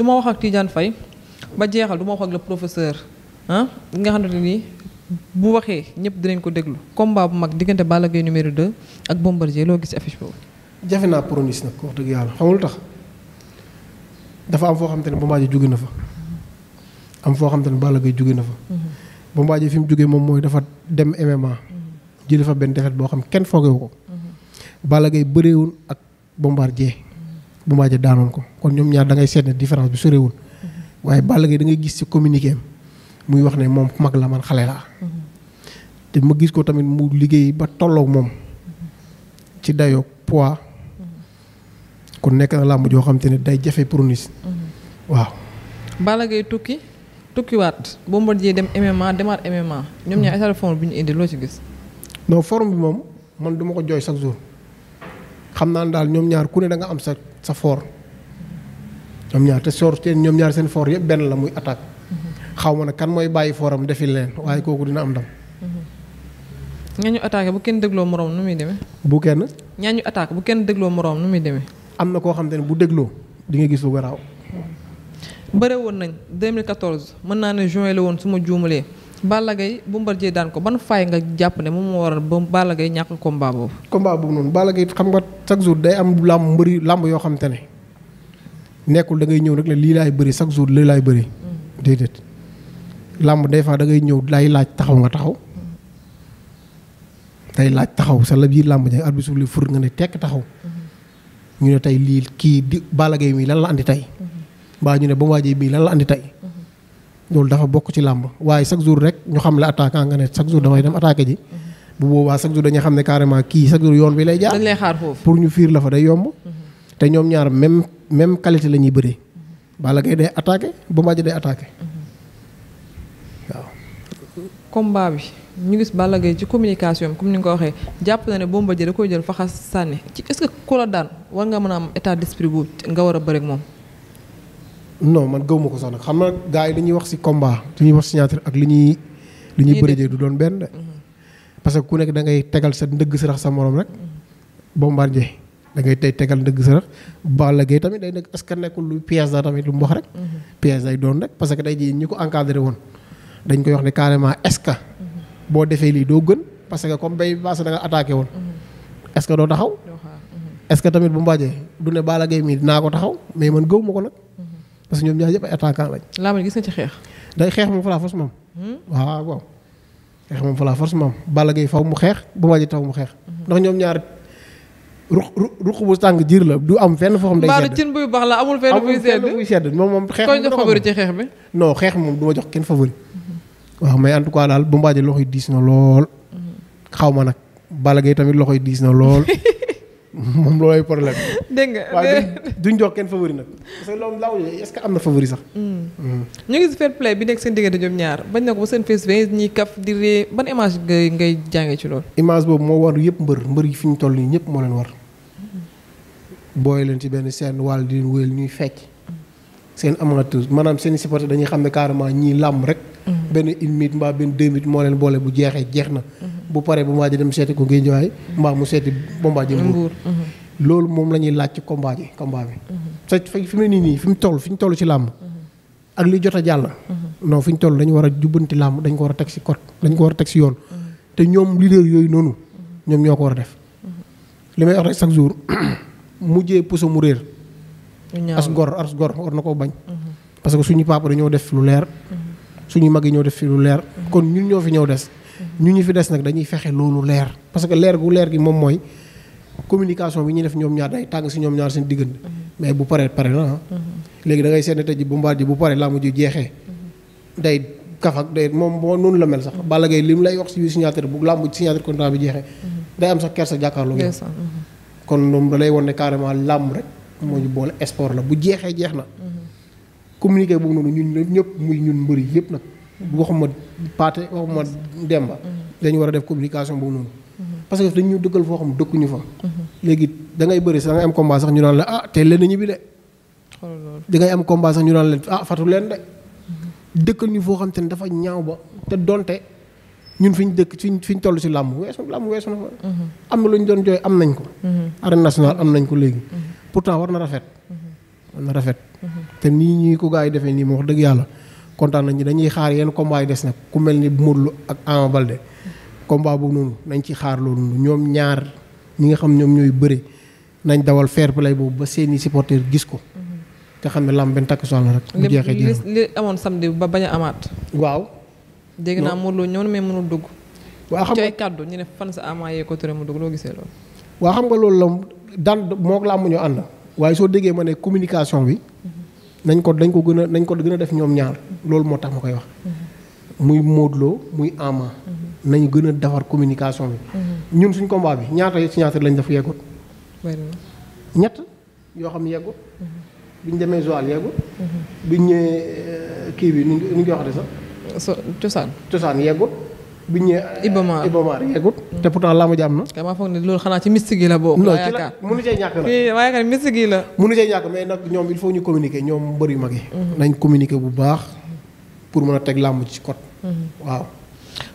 du ma wax ak Tidiane Faye ba jeexal du ma wax ak le professeur ah nga xamante ni bu waxee ñëpp dinañ ko déglu combat bu mag diggante Balla Gaye numéro 2 ak Bombardier loo gis affiche boobu. jafe naa pronostic nag wax dëgg yàlla xamul tax dafa am foo xamante ne Bombardier jóge na fa am foo xamante ne Balla Gaye jóge na fa. Mhm. Bombardier fi mu jógee moom mooy dafa dem MMA. Mhm. jëlee fa benn defet boo xam kenn foogewu ko. Mhm. Balla Gaye bëreewul ak Bombardier. ma ja daanoon ko kon ñoom ñaar da ngay seet ne différence bi sorewul waaye Balla Gaye da gis ci communiqué am muy wax ne moom mag la man xale laa. te ma gis ko tamit mu liggéey ba tolloog moom ci dayoo poids. kon nekk na làmb joo xam te ne day jafe pronis waaw. Balla Gaye tukki tukkiwaat Bombardier dem MMA loo ci gis. non forme bi moom man duma ko jooy chaque jour. xam naa ne daal ñoom ñaar ku ne da am sa sa foor ñoom ñaar te soor seen ñoom ñaar seen foor yëpp benn la muy attaque xaw ma ne kan mooy bàyyi fooram defi leen waaye kooku dina am ndam. ñaañu attaqué bu kenn dégloo moroom nu muy demee. bu kenn. ñaañu attaque bu kenn dégloo moroom nu muy demee. am na koo xam te ne bu dégloo di nga gis lu garaaw. bëre woon nañ 2014 mën naa ne juin la woon su ma juumalee. Balla Gaye Bombardier daan ko ban faay nga jàpp ne moom moo waral ba Balla Gaye ñàkk combat boobu. combat boobu noonu Balla Gaye xam nga chaque jour day am làmb mbëri làmb yoo xam te ne nekkul da ngay ñëw rek ne lii laay bëri chaque jour lii laay bëri. Mm. làmb des fois da ngay ñëw day laaj taxaw nga taxaw. Mm. day laaj taxaw sa la biir làmb ja arbitre suuf fur nga ne tekk taxaw. Mm-hmm. ñu ne tey lii kii di Balla Gaye mii lan la andi tey. Mm-hmm. mbaa ñu ne ba waajee mii lan la andi tey. loolu dafa bokk ci làmb waaye chaque jour rek ñu xam la attaquant nga ne chaque jour damay dem attaqué ji bu boobaa chaque jour dañuy xam ne carrément kii chaque jour yoon bi lay jaar dañ lay xaar foofu pour ñu fiir la fa day yomb mhm. te ñoom ñaar même même qualité la ñuy bëree mhm. Balla Gaye day attaqué Bombardier day attaqué mhm. comme baa bi ñu gis Balla Gaye ci communication comme ni nga ko waxee jàpp na ne Bombardier da koy jël faxas sànni ci est ku la daan war nga mën a am état d'esprit bu nga a bëri moom non man gëw ma ko sax xam na gars yi ñuy wax si combat dañuy wax signature ak li ñuy li ñuy bërëjee du doon benn de mhm. parce que ku nekk da ngay tegal sa ndëgg sarax sa morom rek Bombardier da ngay tey tegal ndëgg sarax Balla Gaye tamit day nekk est-ce nekkul lu pièce da tamit lu mu wax rek mhm. pièce day doon rek parce que day ji ñu ko encadré woon dañ koy wax ne carrément est-ce que mhm. boo defee lii doo gën parce que comme bay baasa da nga woon est-ce que doo taxaw est-ce que tamit Bombardier du ne Balla Gaye mii dinaa ko taxaw mais man gëw ma ko nag parce que ñoom ñaar yëpp ay attaquant lañ. laamu gis nga ci xeex. day xeex moom Fala force moom. Hmm? waaw waaw force moom. Balla Gaye faw mu xeex bu waaj taw mu xeex. Hmm. ndax ñoom ñaar ruq ruq bu tàng jiir la du am fenn foo xam day sedd. baalu cin buy baax la amul fenn buy sedd moom moom. xeex moom jox xeex moom du ma jox kenn favori. Hmm. waaw mais en tout cas daal Bombardier loxo yi diis na lool. xaw ma nag Balla Gaye tamit loxo yi diis na lool moom loolooy problème dégg nga waaye duñ jox kenn favori nag. parce loolu laaw est ce am na favori sax. Mm. Mm. ñu ngi si play bi nekk seen diggante ñoom ñaar bañ na ko ba seen face ba ñuy kaf di ree ci loolu. image boobu moo war yëpp mbër mbër yi fi ñu toll nii ñëpp moo leen war. Mm. booy leen ci benn seen wàll di leen wéyal ñuy fecc. seen amateur maanaam seen supporter dañuy xam ne carrément ñii làmm rek. benn une mbaa benn deux moo leen boole bu jeexee jeex na. bu paree ba mu waaj dem seeti ko Guédiawaye mbaa loolu moom la ñuy laaj ci combat ji combat bi. te mm-hmm. fi mu ne nii fi mu toll fi ñu tollu ci làmb. Mm-hmm. ak li jot a jàll. Mm-hmm. non fi ñu toll dañu war a jubbanti làmb dañ ko war a teg si code dañ ko war a teg si yoon. te ñoom leader yooyu noonu. ñoom ñoo ko war a def. li may wax rek chaque jour mujjee puso mu réer. as gor as gor war na koo bañ. parce que suñu papa dañoo def lu leer. suñu mag yi ñoo def fi lu leer. kon ñun ñoo fi ñëw des. ñu ñu fi des nag dañuy fexe loolu leer parce que leer gu leer gi moom mooy. communication bi ñuy def ñoom ñaar day tàng si ñoom ñaar seen diggante. mais bu paree pare ah. da ngay seetlu tey ji Bombardier bu paree noonu la mel sax. Balla Gaye li mu lay wax si biir signature bu làmb ji signature contrat bi jeexee. day am sax kersa jàkkaarloo. Mhm. kon moo ñu boole la bu jeexee jeex na. Mhm. communiqué boobu noonu ñun ñëpp muy ñun mbëri yëpp nag. Mhm. waxuma Pathé waxuma Demba. dañu war a def communication boobu noonu. parce que dañu ñu dëkkal foo xam dëkkuñu fa. léegi da ngay bëri sax da ngay am combat sax ñu naan la ah tey leen ñibbi de. da am combat sax ñu naan leen ah fatu leen de. dëkkal ñu foo xam te ne dafa ñaaw ba te donte ñun fi ñu dëkk fi ñu fi ñu si làmb weesu làmb weesu fa. Mhm. am na lu ñu doon jooy am nañ ko. Mhm. arène nationale am nañ ko léegi. Mhm. pourtant war na rafet. war na rafet. te nii ñuy ko gars yi defee nii moo wax dëgg yàlla kontaan nañ ñi dañuy xaar yenn combat yi des nag ku mel ni Modou Lo ak Ama Baldé combat boobu noonu nañ ci ñi nga xam ñoom ñooy bëre nañ dawal fair play boobu ba seeni supporters gis ko. te xam ne lam benn takk soxla rek. bu jeexee jeexul li amoon samedi ba bañ a amaat. waaw. dégg naa Modou Lo ñëw na mais mënul dugg. waaw xam nga ci fan sa Ama yee ko tere mu dugg loo gisee loolu. waaw xam nga loolu la daan moog laa amuñu ànd. waaye soo déggee ma ne communication bi. nañ ko dañ ko gën a nañ ko gën a def ñoom ñaar loolu moo tax ma koy wax. muy Modou Lo muy Ama. Mhm. nañ gën a defar communication bi. Mhm. ñun suñ combat bi ñaata signature lañ def yeggut. ñett yoo xam ne yeggut. Mhm. biñ demee Joal yeggut. Mhm. biñ ñëwee euh, kii bi nu ñu koy waxatee sax. so cosaan. cosaan yeggut. biñ ñëwee euh, Ibamaar Ibamaar yeggut. Mhm. te pourtant laa ma ji na. damaa foog ne loolu xanaa ci mystique yi la bokk. non ci la mënu cee ñàkk nag fii waaye kan mystique yi la. ñoom il faut ñu communiquer ñoom mbër yu mag yi. nañ communiquer bu baax pour mën a teg làmb ci code. waaw.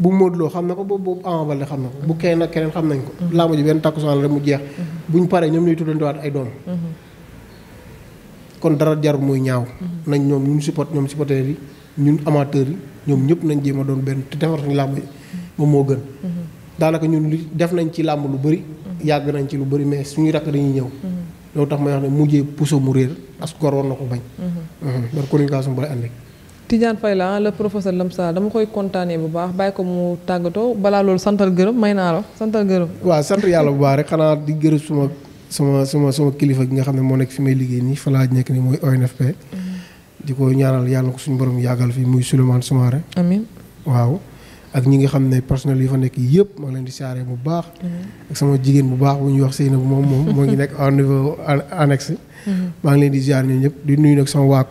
bu Modou Lo xam na ko boobu boobu Ama Baldé xam na ko bu keneen ak keneen xam nañ ko. Mm-hmm. làmb ji benn takkusaan la rek mu jeex. Mm-hmm. buñ paree ñoom ñooy tuddantewaat mm-hmm. yi ñun amateurs yi ñoom ñëpp nañ jéem a doon benn te defar suñu làmb yi moom moo gën. daanaka ñun li def nañ ci làmb lu bëri. yàgg nañ ci lu bëri mais suñuy rakk dañuy ñëw. loolu tax may wax ne mujjee puso mu réer as gor war na ko bañ. loolu communication bu lay Tidiane Faye la le professeur Lamsa dama koy kontaanee bu baax bàyyi ko mu tàggatoo balaa loolu santal gërëm may naa la santal gërëm. waaw sant yàlla bu baax rek xanaa di gërëm suma sama sama kilifa gi nga xam ne moo nekk fi may liggéey nii fa laa nekk nii mooy ONFP. Mm-hmm. di ko ñaanal yàlla ko suñu borom yàggal fii muy Souleymane Soumaré. amiin waaw. ak ñi nga xam ne personnel yi fa nekk yëpp maa ngi leen di saaree bu baax. Mm-hmm. ak sama jigéen bu baax bu ñuy wax Seynabou moom moom moo ngi nekk au niveau annexe. Mm-hmm. maa ngi leen di di nuyu nag sama waa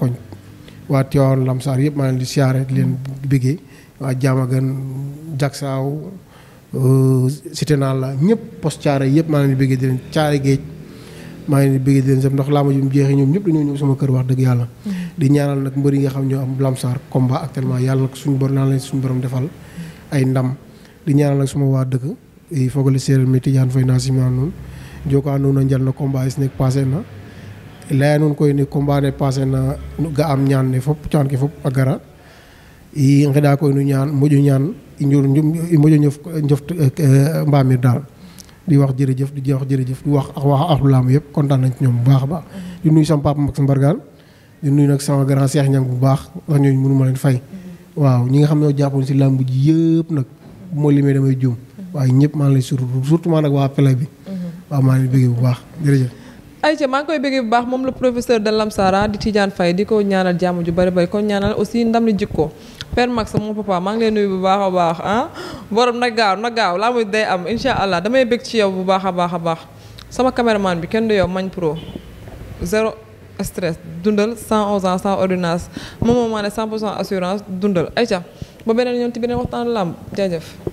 waa Tivaouane Lamsaar yëpp maa ngi leen di siyaare di leen bëggee waa Diamagan Jaksaaw euh, Cité Nalla ñëpp post caare yëpp maa ngi leen di bëggee di leen caare géej maa ngi leen di bëggee di leen saf ndax laama ju mu jeexee ñoom ñëpp dañoo ñëw sama kër wax dëgg yàlla mm-hmm. di ñaanal nag mbër yi xam ñoo am Lamsaar combat actuellement yàlla nag suñu borom naan leen suñu borom defal ay ndam di ñaanal nag suma waa dëkk fogale séeréer mi Tidiane Faye naa si maa noonu jokaa noonu a njal na combat yi si layaa nuun koy ne combat ne passé na ga'aam ñaan ne fop caan ke fop a gara i ngeɗa koy nu ñaan moƴo ñaan i moƴo ñof njoft mbamir daal di wax jërëjëf di wax jërëjëf di wax wax axlu laam yëpp kontaan nañ ci ñoom bu baax a baax mm-hmm. di nuyu sama papa Max Mbargaan di nuyu nag sama grand Cheikh Niang bu baax ndax ñooñu mënu ma leen fay mm-hmm. waaw ñi nga xam ne ñoo jàppoon si làmb ji yëpp nag bu ma limee damay juum mm-hmm. waaye ñëpp maa ngi lay surtout surtout maa nag waa pele bi waaw maa Aïcha maa ngi koy bëggee bu baax moom la professeur de Lamsara di Tidiane fay di ko ñaanal jàmm ju bari bari kon ñaanal aussi ndam li jikko Père Max sama papa maa ngi lay nuyu bu baax a baax ah borom na gaaw na gaaw laa muy day am incha allah damay bëgg ci yow bu baax a baax a baax sama caméraman bi kenn du yow mañ pro zéro stress dundal 111 ans sans ordonnance moom moo ma ne 100 pour dundal Aïcha ba beneen yoon ci beneen waxtaan lamb jaajëf